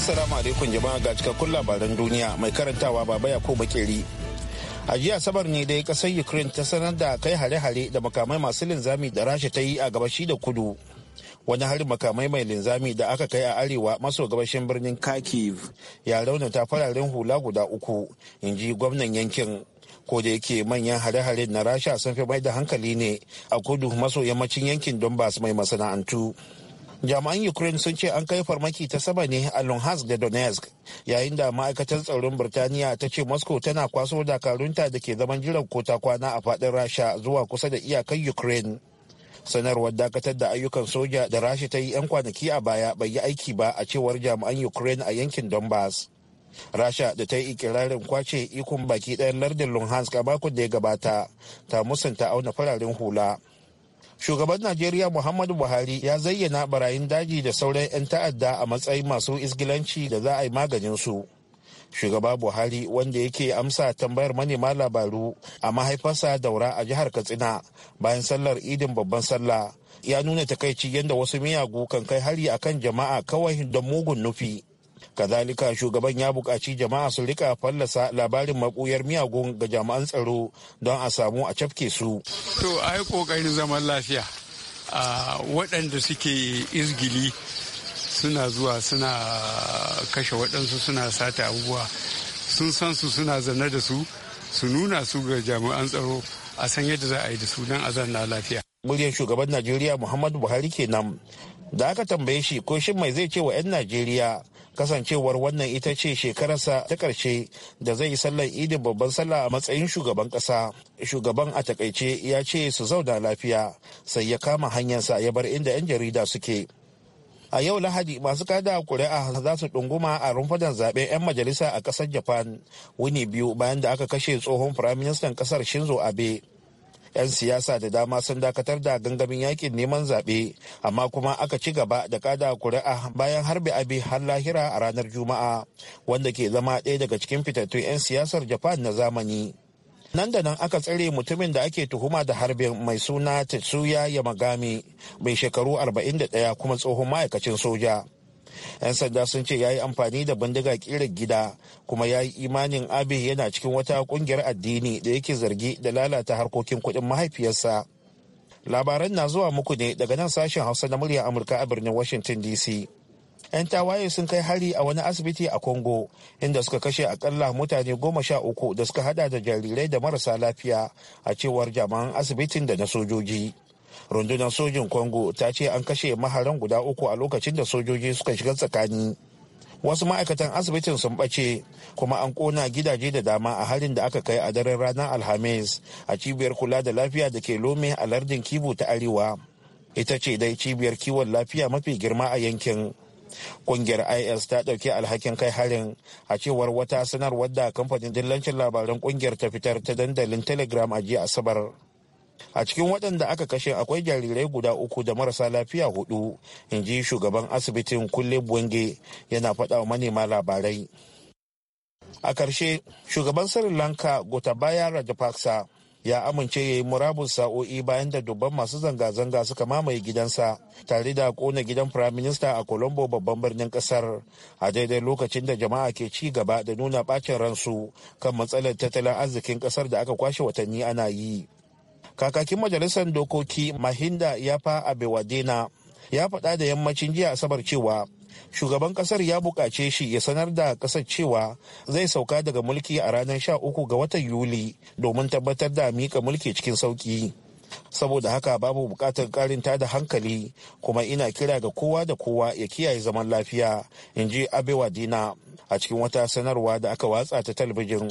Assalamu alaikum jama'a ga cikakkun labaran duniya mai karantawa baba Yakubu Bakeri. A jiya sabar ne dai kasar Ukraine ta sanar da kai hare-hare da makamai masu linzami da Rasha ta yi a gabashi da kudu. Wani harin makamai mai linzami da aka kai a arewa maso gabashin birnin Kharkiv ya raunata fararen hula guda uku, in ji gwamnan yankin. Ko da yake manyan hare-hare na Rasha sun fi mai da hankali ne a kudu maso yammacin yankin Donbass mai masana'antu. jami'an ukraine sun ce an kai farmaki ta sama ne a luhansk da donetsk yayin da ma'aikatar tsaron birtaniya ta ce moscow tana kwaso dakarunta da ke zaman jiran kota kwana a fadin rasha zuwa kusa da iyakar ukraine sanarwar dakatar da ayyukan soja da rasha ta yi 'yan kwanaki a baya bai yi aiki ba a cewar jami'an ukraine a yankin donbass rasha da ta yi ikirarin kwace ikon baki ɗayan lardin luhansk a makon da ya gabata ta musanta auna fararen hula shugaban najeriya muhammadu buhari ya zayyana barayin daji da sauran 'yan ta'adda a matsayin masu isgilanci da za a yi maganin su shugaba buhari wanda yake amsa tambayar manema labaru a mahaifarsa daura a jihar katsina bayan sallar idin babban sallah ya nuna takaici yadda wasu miyagu kan kai hari akan jama'a kawai don mugun nufi kazalika shugaban ya bukaci jama'a su rika fallasa labarin maɓuyar miyagun ga jami'an tsaro don a samu a cafke su to a yi ƙoƙarin zaman lafiya a waɗanda suke izgili suna zuwa suna kashe waɗansu suna sata abubuwa sun san su suna zanne da su su nuna su ga jami'an tsaro a san yadda za a yi da su don a zanna lafiya muryar shugaban najeriya muhammadu buhari kenan da aka tambaye shi ko shin mai zai ce wa 'yan najeriya kasancewar wannan ita ce shekararsa ta ƙarshe da zai yi sallar idin babban sallah a matsayin shugaban ƙasa shugaban a takaice ya ce su zauna lafiya sai ya kama hanyarsa ya bar inda 'yan jarida suke a yau lahadi masu kada kuri'a za su ɗunguma a rumfadan zaɓen 'yan majalisa a ƙasar japan wuni biyu bayan da aka kashe tsohon firaministan ƙasar shinzo abe 'yan siyasa da dama sun dakatar da gangamin yakin neman zaɓe amma kuma aka ci gaba da kada kuri'a bayan harbi abi har lahira a ranar juma'a wanda ke zama ɗaya daga cikin fitattun 'yan siyasar japan na zamani nan da nan aka tsare mutumin da ake tuhuma da harbin mai suna tetsuya yamagami mai shekaru 41 kuma tsohon ma'aikacin soja 'yan sanda sun ce ya yi amfani da bindiga kirar gida kuma ya yi imanin abe yana cikin wata kungiyar addini da yake zargi da lalata harkokin kuɗin mahaifiyarsa labaran na zuwa muku ne daga nan sashen hausa na murya amurka a birnin washington dc 'yan tawaye sun kai hari a wani asibiti a congo inda suka kashe akalla mutane goma sha uku da suka hada da jarirai da marasa lafiya a cewar jami'an asibitin da na sojoji rundunar sojin congo ta ce an kashe maharan guda uku a lokacin da sojoji suka shiga tsakani wasu ma'aikatan asibitin sun bace kuma an kona gidaje da dama a halin da aka kai a daren ranar alhamis a cibiyar kula da lafiya da ke lome a lardin kivu ta arewa ita ce dai cibiyar kiwon lafiya mafi girma a yankin kungiyar is ta ɗauki alhakin kai harin a cewar wata sanarwar da kamfanin dillancin labaran kungiyar ta fitar ta dandalin telegram a jiya asabar a cikin waɗanda aka kashe akwai jarirai guda uku da marasa lafiya hudu in ji shugaban asibitin kulle buwenge yana faɗa wa manema labarai a ƙarshe shugaban sri lanka gotabaya rajapaksa ya amince ya yi murabus sa'o'i bayan da dubban masu zanga-zanga suka mamaye gidansa tare da kona gidan firaminista a colombo babban birnin kasar a daidai lokacin da jama'a ke ci gaba da nuna bacin ransu kan matsalar tattalin arzikin kasar da aka kwashe watanni ana yi kakakin majalisar dokoki mahinda ya a abewadena ya faɗa da yammacin jiya asabar cewa shugaban ƙasar ya buƙace shi ya sanar da ƙasar cewa zai sauka daga mulki a ranar sha uku ga watan yuli domin tabbatar da mika mulki cikin sauƙi saboda haka babu buƙatar ƙarin da hankali kuma ina kira ga kowa da kowa ya kiyaye zaman lafiya in ji abewa a cikin wata sanarwa da aka watsa ta talabijin.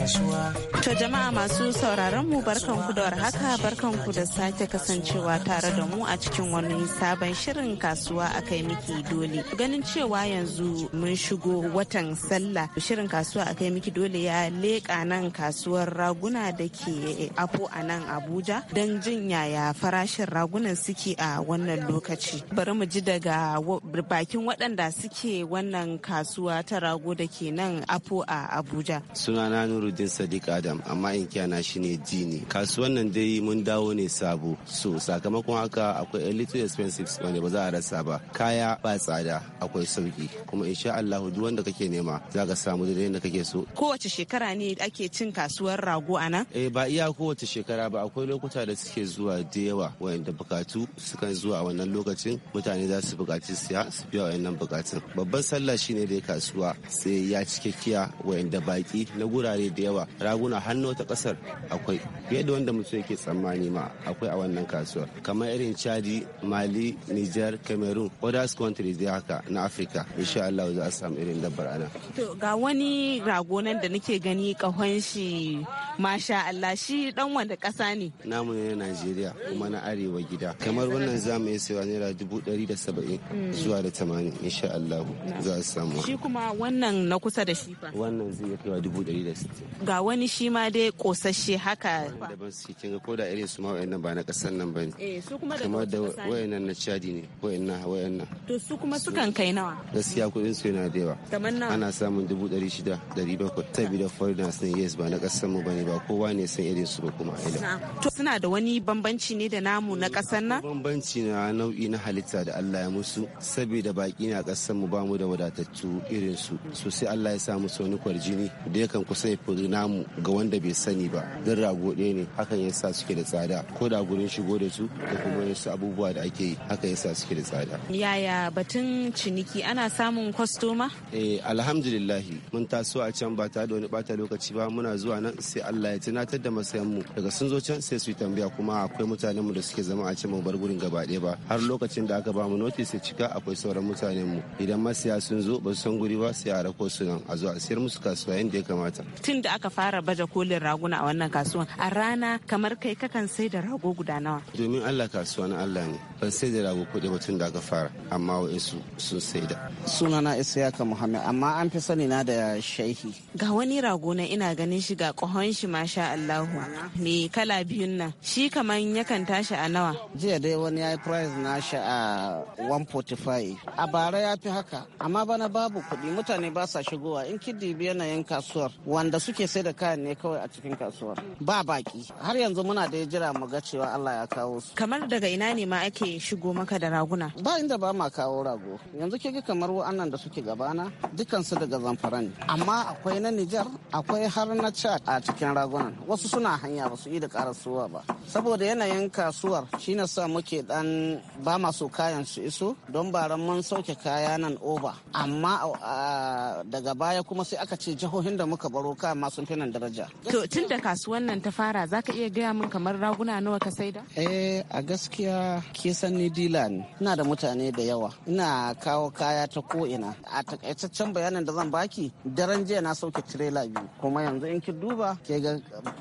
kasuwa. To jama'a masu sauraron mu barkanku da warhaka barkanku da sake kasancewa tare da mu a cikin wani sabon shirin kasuwa a kai miki dole. Ganin cewa yanzu mun shigo watan sallah shirin kasuwa a kai miki dole ya leƙa nan kasuwar raguna da ke afo a nan Abuja don jin yaya farashin ragunan suke a wannan lokaci. Bari mu ji daga bakin waɗanda suke wannan kasuwa ta rago da ke nan apo a Abuja. Sunana Nuru nuruddin sadiq adam amma inkiya na shine jini kasuwan nan dai mun dawo ne sabo so sakamakon haka akwai a little expensive wanda ba za a rasa ba kaya ba tsada akwai sauki kuma insha Allah duk wanda kake nema za ka samu da yadda kake so kowace shekara ne ake cin kasuwar rago a nan eh ba iya kowace shekara ba akwai lokuta da suke zuwa da yawa wanda bukatu sukan zuwa a wannan lokacin mutane za su bukaci siya su biya wayannan bukatun babban sallah shine dai kasuwa sai ya cikakkiya wayanda baki na gurare da yawa raguna hannu ta kasar akwai fiye da wanda mutum yake tsammani ma akwai a wannan kasuwar kamar irin chadi mali niger cameroon others countries da haka na afirka insha allah za a samu irin dabbar ana to ga wani rago nan da nake gani kahon shi masha allah shi dan wanda kasa ne namu ne na nigeria kuma na arewa gida kamar wannan zamu yi sayawa naira dubu ɗari da saba'in mm. zuwa da tamanin insha allah za a samu shi kuma wannan na kusa da shi fa wannan zai iya kaiwa dubu ɗari da sittin ga wani shi ma dai kosashe haka da su kinga ko da irin su ma wayannan ba na kasan nan bane eh su kuma da kuma da wayannan na chadi ne wayannan wayannan to su kuma sukan kai nawa gaskiya kudin su yana da yawa kamar ana samun dubu ɗari shida ɗari bakwai saboda foreigners ne yes ba na kasan mu bane ba kowa ne san irin su ba kuma ila to suna da wani bambanci ne da namu na kasan nan bambanci na nau'i na halitta da Allah ya musu saboda baki na kasar mu ba mu da wadatattu irin su so sai Allah ya sa musu wani kwarjini da yakan kusa ya yanzu namu ga wanda bai sani ba don rago ne hakan yasa suke da tsada ko da gurin shigo da su da kuma wasu abubuwa da ake yi hakan yasa suke da tsada yaya batun ciniki ana samun kwastoma eh alhamdulillahi mun taso a can ba tare da wani bata lokaci ba muna zuwa nan sai Allah ya tunatar da masayan mu daga sun zo can sai su tambaya kuma akwai mutanen mu da suke zama a can mu bar gurin gaba ɗaya ba har lokacin da aka ba mu notice sai cika akwai sauran mutanen mu idan masaya sun zo ba su san guri ba sai a rako su nan a zo a sayar musu kasuwa yadda ya kamata tun da da aka fara baje kolin raguna a wannan kasuwan a rana kamar kai kakan sai da rago guda nawa domin Allah kasuwa na Allah ne ban sai da rago kuɗi mutum da aka fara amma wa'insu sun sai da sunana Isiyaka Muhammad amma an fi sani na da shehi ga wani rago na ina ganin shi ga ƙahon shi masha Allahu me kala biyun nan shi kaman yakan tashi a nawa jiya dai wani ya price na shi a 145 a bara ya fi haka amma bana babu kuɗi mutane ba sa shigowa in kidi yanayin kasuwar wanda suke muke sai da kayan ne kawai a cikin kasuwa ba baki har yanzu muna da jira mu ga cewa Allah ya kawo su kamar daga ina ne ma ake shigo maka da raguna ba inda ba ma kawo rago yanzu ke ga kamar wa'annan da suke gabana dukkan su daga zamfara ne amma akwai na Nijar akwai har na Chad a cikin ragunan wasu suna hanya ba su yi da karasuwa ba saboda yanayin kasuwar shine sa muke dan ba masu kayan su iso don baran mun sauke kaya nan oba amma daga baya kuma sai aka ce jihohin da muka baro kaya ma sun daraja. To tun da kasuwan nan ta fara za ka iya gaya min kamar raguna nawa ka saida? Eh a gaskiya ke san ni dila ne. Ina da mutane da yawa. Ina kawo kaya ta ko ina. A takaitaccen bayanin da zan baki daren jiya na sauke tirela biyu. Kuma yanzu in ki duba ke ga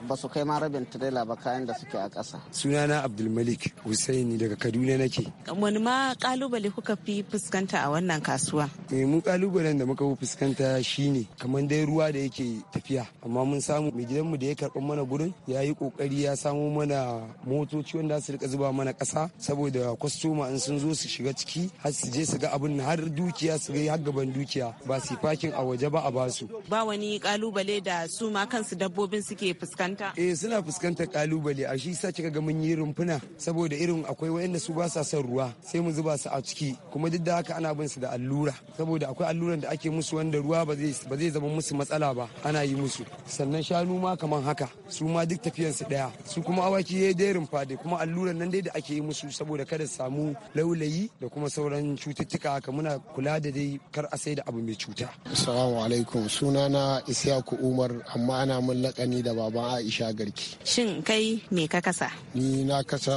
ba su kai ma rabin tirela ba kayan da suke a ƙasa. Sunana Abdulmalik Hussaini daga Kaduna nake. Wani ma kalubale kuka fi fuskanta a wannan kasuwa? Me eh, mu kalubalen da muka fi fuskanta shine kamar dai ruwa da yake tafiya amma mun samu mai gidanmu da ya karɓi mana gurin ya yi ƙoƙari ya samo mana motoci wanda su rika zuba mana ƙasa saboda kwastoma in sun zo su shiga ciki har su je su ga abin har dukiya su ga har gaban dukiya ba su fakin a waje ba a basu. Ba wani kalubale da su ma kansu dabbobin suke fuskanta? Eh suna fuskantar kalubale a shi sa kika ga mun yi rumfuna saboda irin akwai waɗanda su ba sa son ruwa sai mu zuba su a ciki kuma duk da haka ana bin su da allura saboda akwai alluran da ake musu wanda ruwa ba zai zama musu matsala ba ana yi musu. sannan shanu ma kaman haka su ma duk tafiyansu daya su kuma awaki ya yi fade kuma alluran nan dai da ake yi musu saboda kada su samu laulayi da kuma sauran cututtuka haka muna kula da dai kar a sai da abu mai cuta assalamu alaikum suna na isyaku umar amma ana mun lakani da baban aisha garki shin kai me ka kasa ni na kasa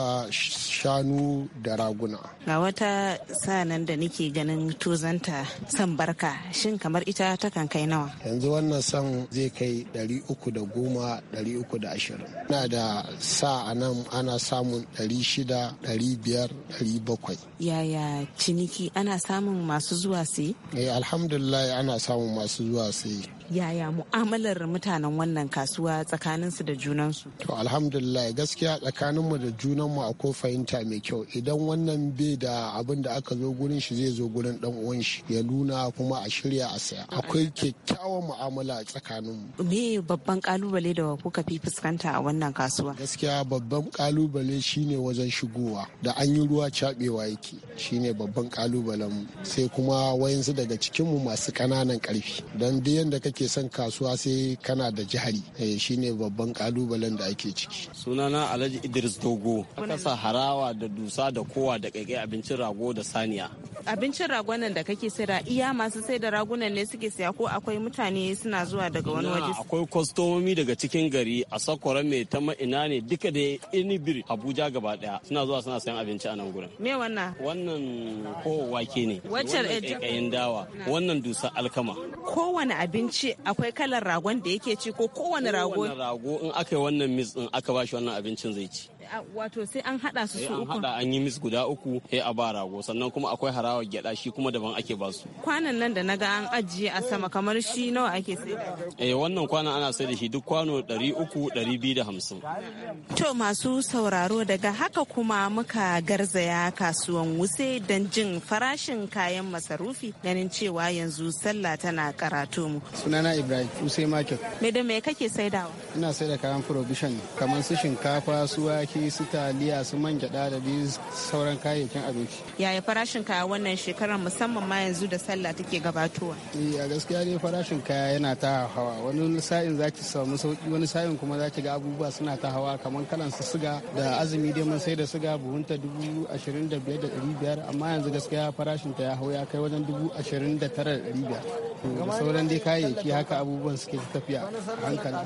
shanu da raguna ga wata sanan da nake ganin tozanta san barka shin kamar ita ta kan kai nawa yanzu wannan san zai kai kai 310-320 na da sa a nan ana samun 600-500-700 yaya ciniki ana samun masu zuwa sai? eh alhamdulillah ana samun masu zuwa sai yaya mu'amalar mutanen wannan kasuwa tsakaninsu da junansu to alhamdulillah gaskiya tsakaninmu da junanmu akwai fahimta mai kyau idan wannan bai da abin da aka zo gurin shi zai zo gurin dan uwan shi ya nuna kuma a shirya a saya akwai kyakkyawan mu'amala a tsakaninmu me babban kalubale da kuka fi fuskanta a wannan kasuwa gaskiya babban kalubale shine wajen shigowa da an yi ruwa cabewa yake shine babban kalubalen sai kuma wayansu daga cikinmu masu ƙananan ƙarfi don duk yadda kake ake son kasuwa sai kana da jihari eh, shine babban kalubalen da ake ciki sunana alhaji idris dogo aka sa harawa da dusa da kowa da kaikai abincin rago da saniya abincin ragunan da kake saida iya masu saida ragunan ne suke siya ko akwai mutane suna zuwa daga wani waje akwai kwastomomi daga cikin gari a sakwara mai ta ma'ina ne duka da inibir abuja gaba daya suna zuwa suna sayan abinci a nan gurin me wannan wannan ko wake ne Wannan ƙaƙayin dawa wannan dusa alkama kowane abinci akwai kalar ragon da yake ci ko kowane rago rago in aka yi wannan mis din aka bashi wannan abincin zai ci wato sai an hada su su uku an an yi mis guda uku sai a ba rago sannan kuma akwai harawar gyada shi kuma daban ake ba su kwanan nan da naga an ajiye a sama kamar shi nawa ake sai eh wannan kwanan ana sai da shi duk kwano 300 250 to masu sauraro daga haka kuma muka garzaya kasuwan wuse don jin farashin kayan masarufi ganin cewa yanzu sallah tana karatu mu sunana ibrahim wuse market me da me kake saidawa ina saida kayan provision kamar su shinkafa su wake wake su taliya su man gyada da sauran kayayyakin abinci yaya farashin kaya wannan shekarar musamman ma yanzu da sallah take gabatowa eh a gaskiya ne farashin kaya yana ta hawa wani sa'in zaki samu sauki wani sa'in kuma zaki ga abubuwa suna ta hawa kamar kalan su suga da azumi dai mun sai da suga buhunta dubu ashirin da biyar da ɗari biyar amma yanzu gaskiya farashin ta ya hau ya kai wajen dubu ashirin da tara da ɗari biyar da sauran dai kayayyaki haka abubuwan suke tafiya hankali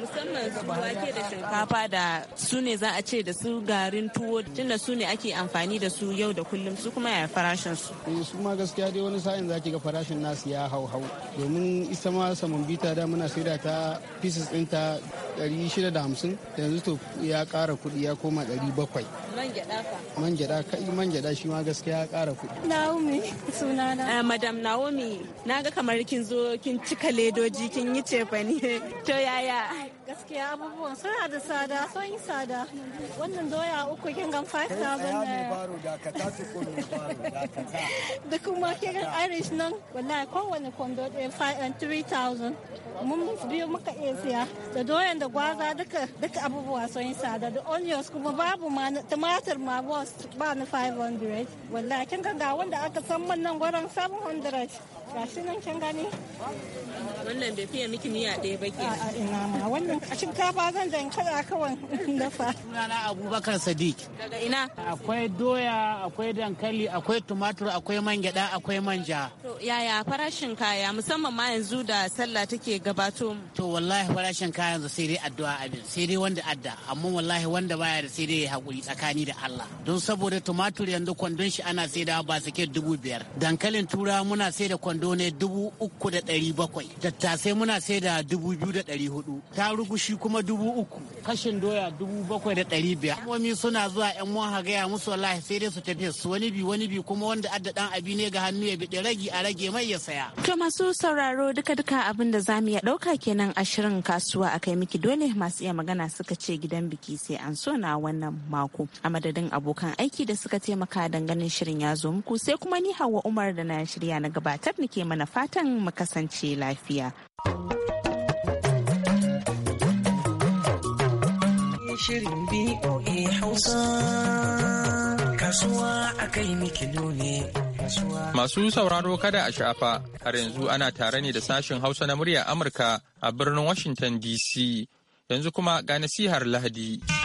musamman su wake da shinkafa da su ne za a ce da su garin tuwo tunda su ne ake amfani da su yau da kullum su kuma ya farashin su. Eh, su ma gaskiya dai wani sa'in zaki ga farashin nasu ya hau hau domin isa ma saman bita da muna saida ta pieces ta 650 yanzu to ya ƙara kuɗi ya koma 700. Man gyaɗa ka Man gyaɗa kai man gyaɗa shi ma gaskiya ya ƙara kuɗi. Naomi sunana. Eh, madam Naomi na ga kamar kin zo kin cika ledoji kin yi cefani to yaya. gaskiya abubuwan suna da tsada sun yi tsada wannan doya uku kin gan 5000 naira eh. da kuma kin irish nan wallahi kowane kwando ɗaya eh, eh, 3000 mun biyu muka iya siya da doyan da gwaza duka duka abubuwa sun yi tsada da onions kuma babu ma tumatir ma ba na 500 wallahi kin ga wanda aka san man nan gwaran 700 Ga shi nan kin gani? Wannan bai fiye miki miya ɗaya ba ke. A ina ma wannan shinkafa zan zan kada kawai dafa. Sunana Abubakar Sadiq. Daga ina? Akwai doya, akwai dankali, akwai tumatur, akwai man akwai manja. To yaya farashin kaya musamman ma yanzu da sallah take gabato mu? To wallahi farashin kaya yanzu sai dai addu'a abin, sai dai wanda adda, amma wallahi wanda baya da sai dai hakuri tsakani da Allah. Don saboda tumatur yanzu kwandon shi ana sai da ba sake dubu biyar. Dankalin tura muna sai da kwandon kwando ne dubu uku da ɗari bakwai tattasai muna sai da dubu biyu da ɗari hudu ta rugushi kuma dubu uku kashin doya dubu bakwai da ɗari biyar kalmomi suna zuwa yan mun gaya musu wallahi sai dai su tafi su wani bi wani bi kuma wanda adda dan abi ne ga hannu ya biɗe ragi a rage mai ya saya. to masu sauraro duka duka abin da zamu ya iya ɗauka kenan a shirin kasuwa akai miki dole masu iya magana suka ce gidan biki sai an so na wannan mako a madadin abokan aiki da suka taimaka dangane shirin ya zo muku sai kuma ni hawa umar da na shirya na gabatar ni ke mana fatan mu kasance lafiya. Masu sauraro kada a shafa, har yanzu ana tare ne da sashen Hausa na murya Amurka a birnin Washington DC. Yanzu kuma ga nasihar Lahadi.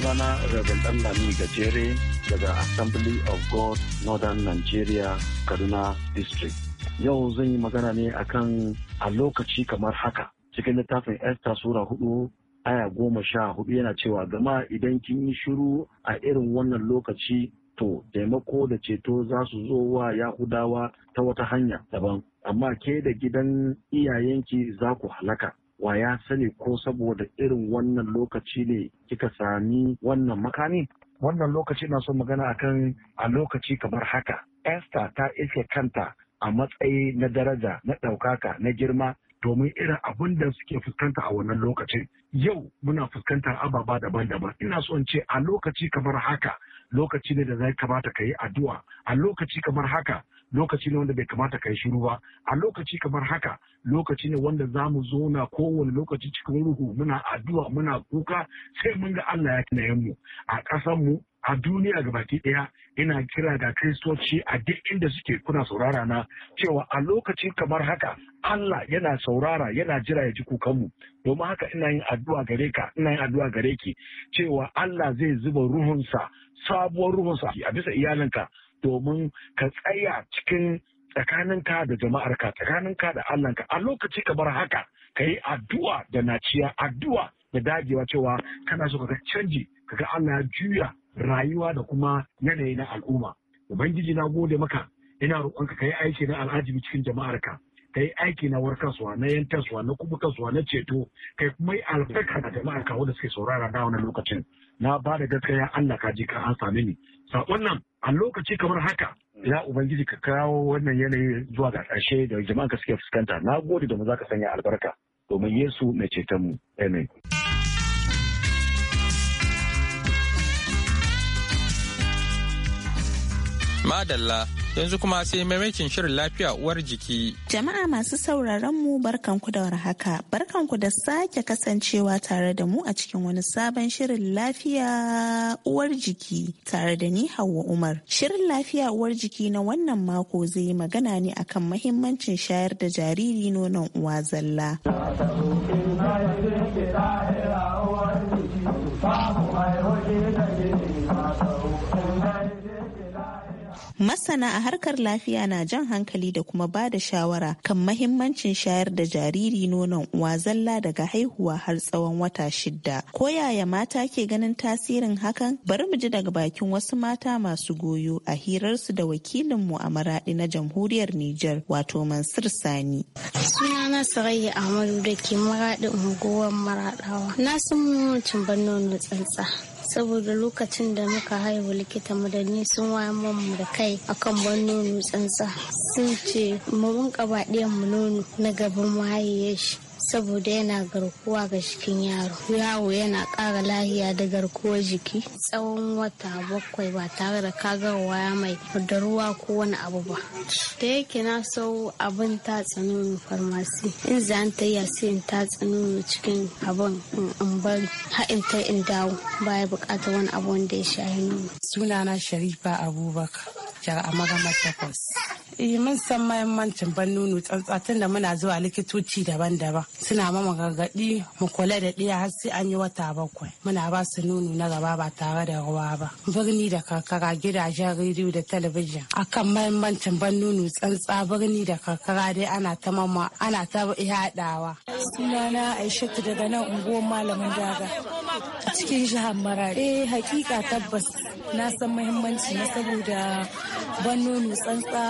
sunana Rabin lami Gajere daga Assembly of God Northern Nigeria Kaduna District. Yau zan yi magana ne akan a lokaci kamar haka cikin littafin Esther Sura hudu aya goma sha hudu yana cewa gama idan kin yi shiru a irin wannan lokaci to taimako da ceto za su zo wa Yahudawa ta wata hanya daban amma ke da gidan iyayenki za ku halaka wa ya sani ko saboda irin wannan lokaci ne kika sami wannan makami wannan lokaci na so magana akan a lokaci kamar haka esther ta iske kanta a matsayi na daraja na ɗaukaka na girma domin irin abin da suke fuskanta a wannan lokacin yau muna fuskantar ababa daban-daban ina so in ce a lokaci kamar haka lokaci ne da zai kamata ka yi addu'a a lokaci kamar haka lokaci ne wanda bai kamata ka yi shiru ba a lokaci kamar haka lokaci ne wanda za mu zauna kowane lokaci cikin ruhu muna addu'a muna kuka sai mun ga Allah ya tunayen mu a ƙasar mu a duniya gabaki ɗaya ina kira ga kristoci a duk inda suke kuna saurara na cewa a lokaci kamar haka Allah yana saurara yana jira ya ji kukanmu domin haka ina yin addu'a gare ka ina yin addu'a gare ki cewa Allah zai zuba ruhunsa sabuwar ruhunsa a bisa iyalinka domin ka tsaya cikin tsakaninka da jama'arka tsakaninka da Allahnka a lokaci kamar haka ka yi addu'a da naciya addu'a da dagewa cewa kana so ka canji kaga Allah ya juya rayuwa da kuma yanayi na al'umma ubangiji na gode maka ina roƙonka ka yi aiki na al'ajibi cikin jama'arka ka yi aiki na warkaswa na yantaswa na kuma kaswa na ceto kai kuma yi albarka da jama'arka wanda suke saurara da wannan lokacin na ba da gaskiya Allah ka ji ka an same ni Saƙon nan a lokaci kamar haka ya Ubangiji ka kawo wannan yanayi zuwa ga ƙarshe da jama'a ka suke fuskanta. Na gode da mu za ka sanya albarka domin Yesu mai ceton mu. Amen. Madalla Yanzu kuma sai maimakin shirin lafiya uwar jiki. Jama'a masu sauraron mu barkanku da warhaka. Barkanku da sake kasancewa tare da mu a cikin wani sabon shirin lafiya uwar jiki tare da ni Hauwa Umar. Shirin lafiya uwar jiki na wannan mako zai yi magana ne akan mahimmancin shayar da jariri nonon uwa zalla. Babu mai Masana a harkar lafiya na jan hankali da kuma ba da shawara kan mahimmancin shayar da jariri nonon uwa zalla daga haihuwa har tsawon wata shidda. Ko yaya mata ke ganin tasirin hakan? Bari mu ji daga bakin wasu mata masu goyo a hirarsu da wakilinmu a maraɗi na jamhuriyar Nijar wato Mansur Sani. Sunana Sarayya Ahmadu da ke unguwar maraɗawa. Na san mutum ban nono tsantsa. saboda lokacin da muka haihu likita madani sun waya mu da kai akan ban nono tsantsa sun ce mu rinka baɗiyan mu nono na gaban mahaiyar shi saboda yana garkuwa ga cikin yaro yawo yana ƙara lahiya da garkuwar jiki tsawon wata bakwai ba tare da kagarwa mai da ruwa ko wani abu ba da yake na sau abin ta nono farmasi in za ta yi sai in ta nono cikin abin in bari haɗin ta in dawo ba ya buƙatar wani abu wanda ya shahi nuna sunana sharifa abubakar a takwas Eh mun san mahimmancin ban nono tsantsa da muna zuwa likitoci daban-daban. Suna mama gargaɗi mu kula da ɗiya har sai an yi wata bakwai. Muna ba su nono na gaba ba tare da ruwa ba. Birni da karkara gidajen rediyo da talabijin. Akan mahimmancin ban nono tsantsa birni da karkara dai ana ta mama ana ta yaɗawa. Sunana Aishatu daga nan unguwar malamin daga a cikin jihar Marari. Eh hakika tabbas na san mahimmanci na saboda ban nono tsantsa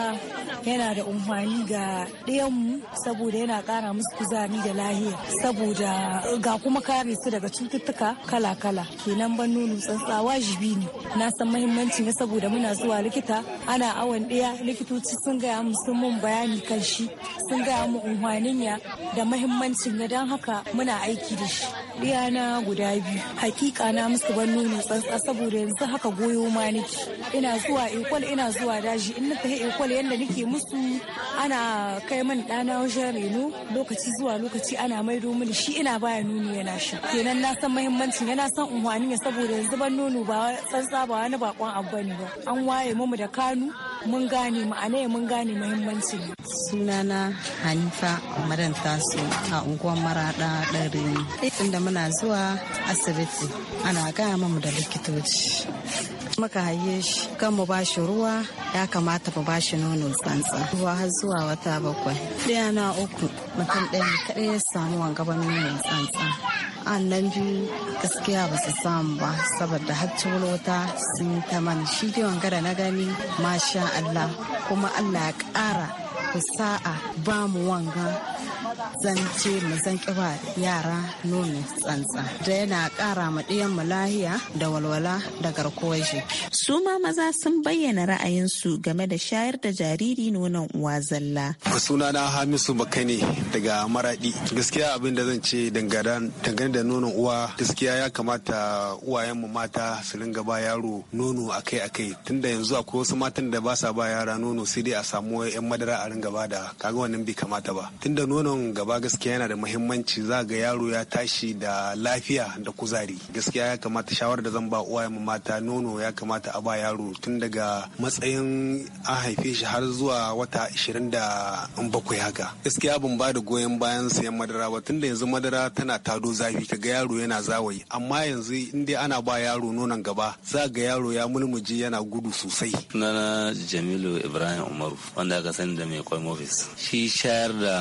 yana da umfani ga ɗayanmu saboda yana ƙara musu kuzari da lahiya saboda ga kuma kare su daga cututtuka kala-kala kenan ban nono tsantsa wajibi ne na san mahimmanci ne saboda muna zuwa likita ana awon ɗaya likitoci sun gaya mu sun mun bayani kan shi sun gaya mu umfanin ya da mahimmancin ya don haka muna aiki da shi na guda biyu hakika na musu ban nono tsantsa saboda yanzu haka goyo ma nake ina zuwa ikwal ina zuwa daji in na tafi ikwal yadda nake musu ana kai min ɗana wajen reno lokaci zuwa lokaci ana maido mini shi ina baya nuni yana sha kenan na san mahimmancin yana san unhwani ya saboda yanzu ban nono ba tsantsa ba wani bakon abu ne ba an waye mu da kanu mun gane ma'ana mun gane mahimmancin sunana hanifa umaran su a unguwar marada ɗari ne muna zuwa asibiti ana gaya mamu da likitoci muka haye shi kan mu bashi ruwa ya kamata mu bashi nono tsantsa ruwa har zuwa wata bakwai ɗaya na uku mutum ɗaya kaɗai ya samu wangaban nono tsantsa annan biyu gaskiya ba su samu ba saboda har wuta sun ta man shi dai da na gani masha Allah kuma Allah ya ƙara sa'a ba mu wanga zan ce mu zan kiba yara nono tsantsa da yana kara ma ɗiyan mu lahiya da walwala da garkuwar shi. Su ma maza sun bayyana ra'ayinsu game da shayar da jariri nonon uwa zalla. na Hamisu Makani daga Maradi. Gaskiya abin da zan ce dangane da nonon uwa gaskiya ya kamata mu mata su ringa ba yaro nono akai-akai tunda yanzu akwai wasu matan da ba sa ba yara nono sai dai a samu 'yan madara a ringa ba da kaga wannan bai kamata ba tunda nonon nan gaba gaskiya yana da muhimmanci za ga yaro ya tashi da lafiya da kuzari gaskiya ya kamata shawarar da zan ba uwaye mata nono ya kamata a ba yaro tun daga matsayin an haife shi har zuwa wata 27 haka gaskiya ban ba da goyon bayan sayan madara ba tun da yanzu madara tana tado zafi ka ga yaro yana zawayi amma yanzu in dai ana ba yaro nonon gaba za ga yaro ya mulmuje yana gudu sosai sunana jamilu ibrahim umaru wanda aka sani da mai kwai office shi shayar da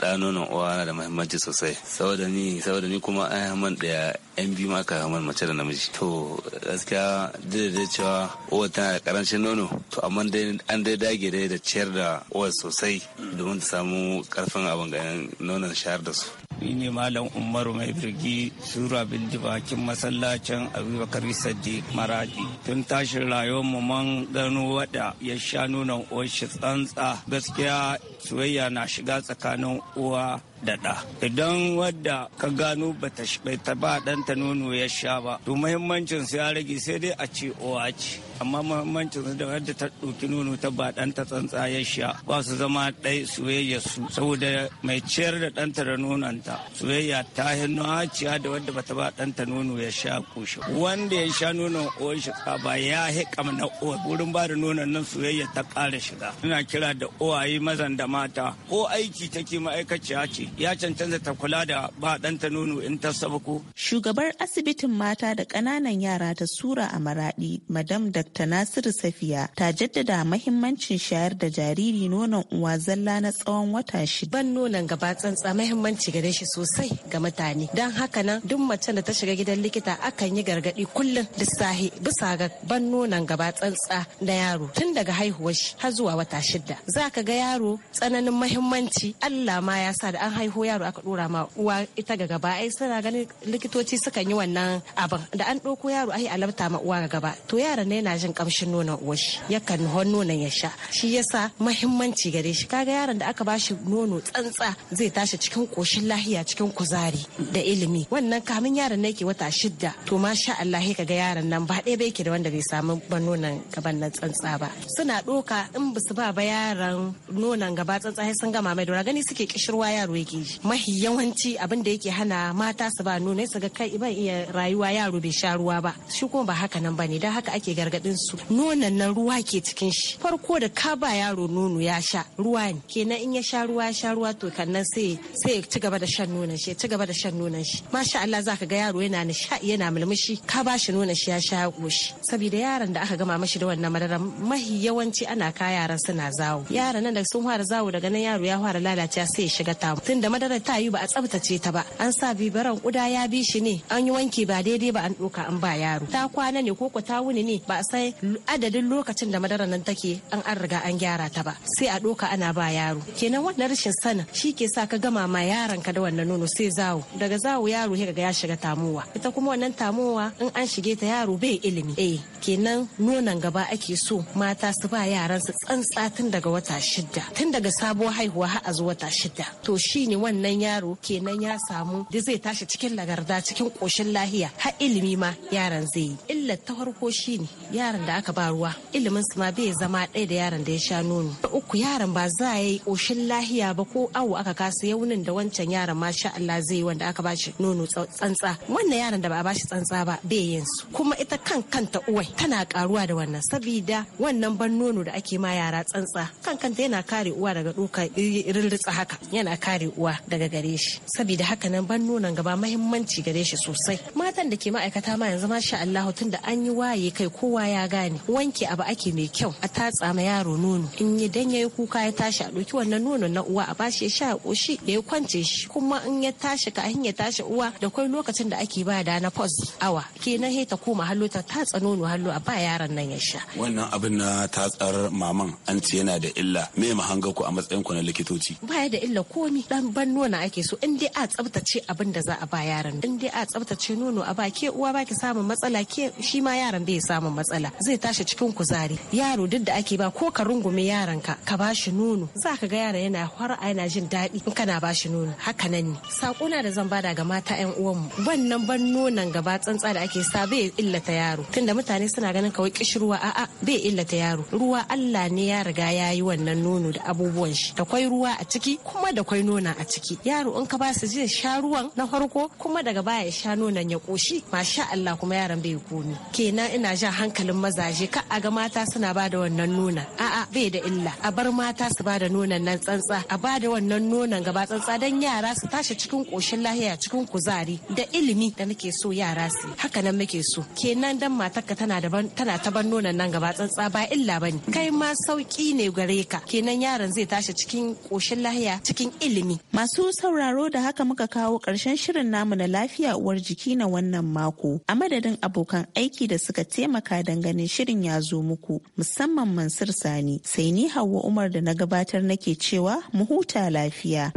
ɗa nonon uwa na da mahimmanci sosai saboda ni saboda ni kuma ai haman da yan biyu ma aka haman mace da namiji to gaskiya duk da cewa uwa tana da karancin nono to amma dai an dai dage dai da ciyar da uwa sosai domin ta samu karfin abin ga nonon shayar da su Ni ne Malam Umaru Mai Birgi Sura Bindi bakin masallacin Abubakar sadi Maradi. Tun tashin rayuwar mu man gano wada ya sha nunan oshi shi tsantsa gaskiya soyayya na shiga tsakanin uwa da ɗa. Idan wadda ka gano ba ta ba ɗanta nono ya sha ba, to muhimmancin su ya rage sai dai a ce owa ce. Amma muhimmancin su da wadda ta ɗauki nono ta ba ɗanta tsantsa ya sha ba su zama ɗai soyayya su saboda mai ciyar da ɗanta da nononta soyayya ta hinnu haciya da wadda bata ba ɗanta nono ya sha kushe. Wanda ya sha nonon uwan shi ba ya hiƙa na uwa wurin ba da nonon nan soyayya ta ƙara shiga. Ina kira da owaye mazan da mata ko aiki take ma'aikaciya ce ya cancanta ta kula da ba ɗanta nono in ta sabako. Shugabar asibitin mata da ƙananan yara ta Sura a Maraɗi, Madam Dr. Nasiru Safiya ta jaddada mahimmancin shayar da jariri nonon uwa zalla na tsawon wata shida. Ban nonon gaba tsantsa mahimmanci gare shi sosai ga mutane. Don haka nan duk macen da ta shiga gidan likita akan yi gargaɗi kullum lissahi bisa ga ban nonon gaba tsantsa na yaro tun daga haihuwar shi har zuwa wata shida. Za ka ga yaro tsananin mahimmanci Allah ma ya sa da an haihu yaro aka dora ma uwa ita ga gaba ai suna ganin likitoci sukan yi wannan abin da an ɗauko yaro ai alabta ma uwa ga gaba to yaron ne yana jin kamshin nonon uwa shi yakan hon nonon ya sha shi yasa mahimmanci gare shi kaga yaron da aka ba shi nono tsantsa zai tashi cikin koshin lahiya cikin kuzari da ilimi wannan kamin yaron ne ke wata shidda to masha Allah ga yaron nan ba ɗaya bai ke da wanda bai samu ban nonon gaban nan tsantsa ba suna ɗoka in ba su ba ba yaron nonon gaba tsantsa sai sun gama mai dora gani suke kishirwa yaro rage mahi yawanci abin da yake hana mata su ba nono su ga kai ban iya rayuwa yaro bai sha ruwa ba shi kuma ba haka nan bane dan haka ake gargadin su nonan nan ruwa ke cikin shi farko da ka ba yaro nono ya sha ruwa ne kenan in ya sha ruwa ya sha ruwa to kannan sai sai ya ci gaba da shan nonan shi ya ci gaba da shan nonon shi masha Allah zaka ga yaro yana nishaɗi yana mulmushi ka ba shi nonan shi ya sha ya koshi saboda yaran da aka gama mashi da wannan madara mahi yawanci ana ka yaran suna zawo yaran nan da sun fara zawo daga nan yaro ya fara lalacewa sai ya shiga tamu lokacin da madarar ta yi ba a tsabtace ta ba an sa bibiran kuda ya bi shi ne an yi wanki ba daidai ba an doka an ba yaro ta kwana ne ko ta wuni ne ba a san adadin lokacin da madarar nan take an an riga an gyara ta ba sai a doka ana ba yaro kenan wannan rashin sana shi ke sa ka gama ma yaron ka da wannan nono sai zawo daga zawo yaro ya ga ya shiga tamowa ita kuma wannan tamowa in an shige ta yaro bai ilimi eh kenan nonon gaba ake so mata su ba yaran su tsantsa tun daga wata shida tun daga sabuwar haihuwa har a wata shida to shi shine wannan yaro kenan ya samu da zai tashi cikin lagarda cikin koshin lahiya har ilimi ma yaron zai yi illar ta farko shine yaron da aka ba ruwa ilimin su ma bai zama ɗaya da yaron da ya sha nono uku yaron ba za a yi koshin lahiya ba ko awo aka kasa yaunin da wancan yaran ma sha Allah zai yi wanda aka ba shi nono tsantsa wannan yaron da ba a ba shi tsantsa ba bai yin su kuma ita kan kanta uwai tana karuwa da wannan sabida wannan ban nono da ake ma yara tsantsa kan kanta yana kare uwa daga duka ritsa haka yana kare uwa daga gare shi saboda haka nan ban nonon gaba mahimmanci gare shi sosai matan da ke ma'aikata ma yanzu masha Allah tun da an yi waye kai kowa ya gane wanke abu ake mai kyau a tatsa ma yaro nono in yi dan yayi kuka ya tashi a doki wannan nono na uwa a bashi ya sha koshi da ya kwance shi kuma in ya tashi ka ya tashi uwa da kwai lokacin da ake ba da na pause awa kenan he ta koma hallo ta tatsa nono hallo a ba yaron nan ya sha wannan abin na tatsar maman an ce yana da illa me mahanga a matsayin ku na likitoci ba ya da illa komi dan ban nuna ake so in dai a tsabtace abin da za a ba yaron in dai a tsabtace nono a ba ke uwa baki samun matsala ke shi ma yaran bai samun matsala zai tashi cikin kuzari yaro duk da ake ba ko ka rungume yaron ka ka ba shi nono za ka ga yaron yana hara yana jin daɗi in kana ba shi nono haka nan ne sakuna da zan bada ga mata yan uwan mu wannan ban nonon gaba tsantsa da ake sa bai illata yaro tunda mutane suna ganin kawai kishirwa a'a bai illata yaro ruwa Allah ne ya riga ya yi wannan nono da abubuwan shi da kwai ruwa a ciki kuma da kwai nona a ciki yaro in ka ba su zai sha ruwan na farko kuma daga baya ya sha nonon ya koshi masha Allah kuma yaran bai komi kenan ina jan hankalin mazaje ka a ga mata suna ba da wannan nuna a'a bai da illa a bar mata su ba da nonon nan tsantsa a ba da wannan nonon gaba tsantsa don yara su tashi cikin koshin lahiya cikin kuzari da ilimi da nake so yara su haka nan muke so kenan dan matarka tana da tana ta ban nonon nan gaba tsantsa ba illa bane kai ma sauki ne gare ka kenan yaron zai tashi cikin koshin lahiya cikin ilimi Masu sauraro da haka muka kawo ƙarshen shirin namu na lafiya uwar jiki na wannan mako. A madadin abokan aiki da suka taimaka ganin shirin ya zo muku musamman Mansur Sani. Sai ni Hauwa Umar da na gabatar nake cewa mu huta lafiya.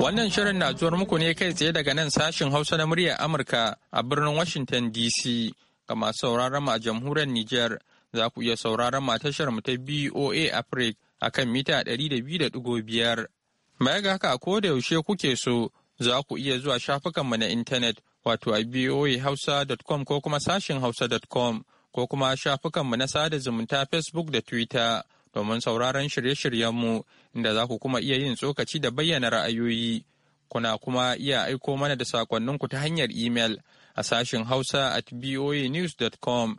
Wannan shirin na zuwar muku ne kai tsaye daga nan sashin Hausa na muryar Amurka a birnin Washington DC ga masu sauraron mu a jamhuriyar Nijar. za ku iya sauraron tashar mu ta BOA Africa a kan mita 200.5. Baya ga haka ko da yaushe kuke so za ku iya zuwa shafukan mu na intanet wato a boahausa.com ko kuma sashin hausa.com ko kuma shafukanmu na sada zumunta Facebook da Twitter domin sauraron shirye-shiryenmu inda za ku kuma iya yin tsokaci da bayyana ra'ayoyi. Kuna kuma iya aiko mana da sakonninku ta hanyar email a sashin hausa at boanews.com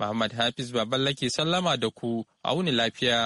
Muhammad Hafiz baballe ke sallama da ku a wuni lafiya.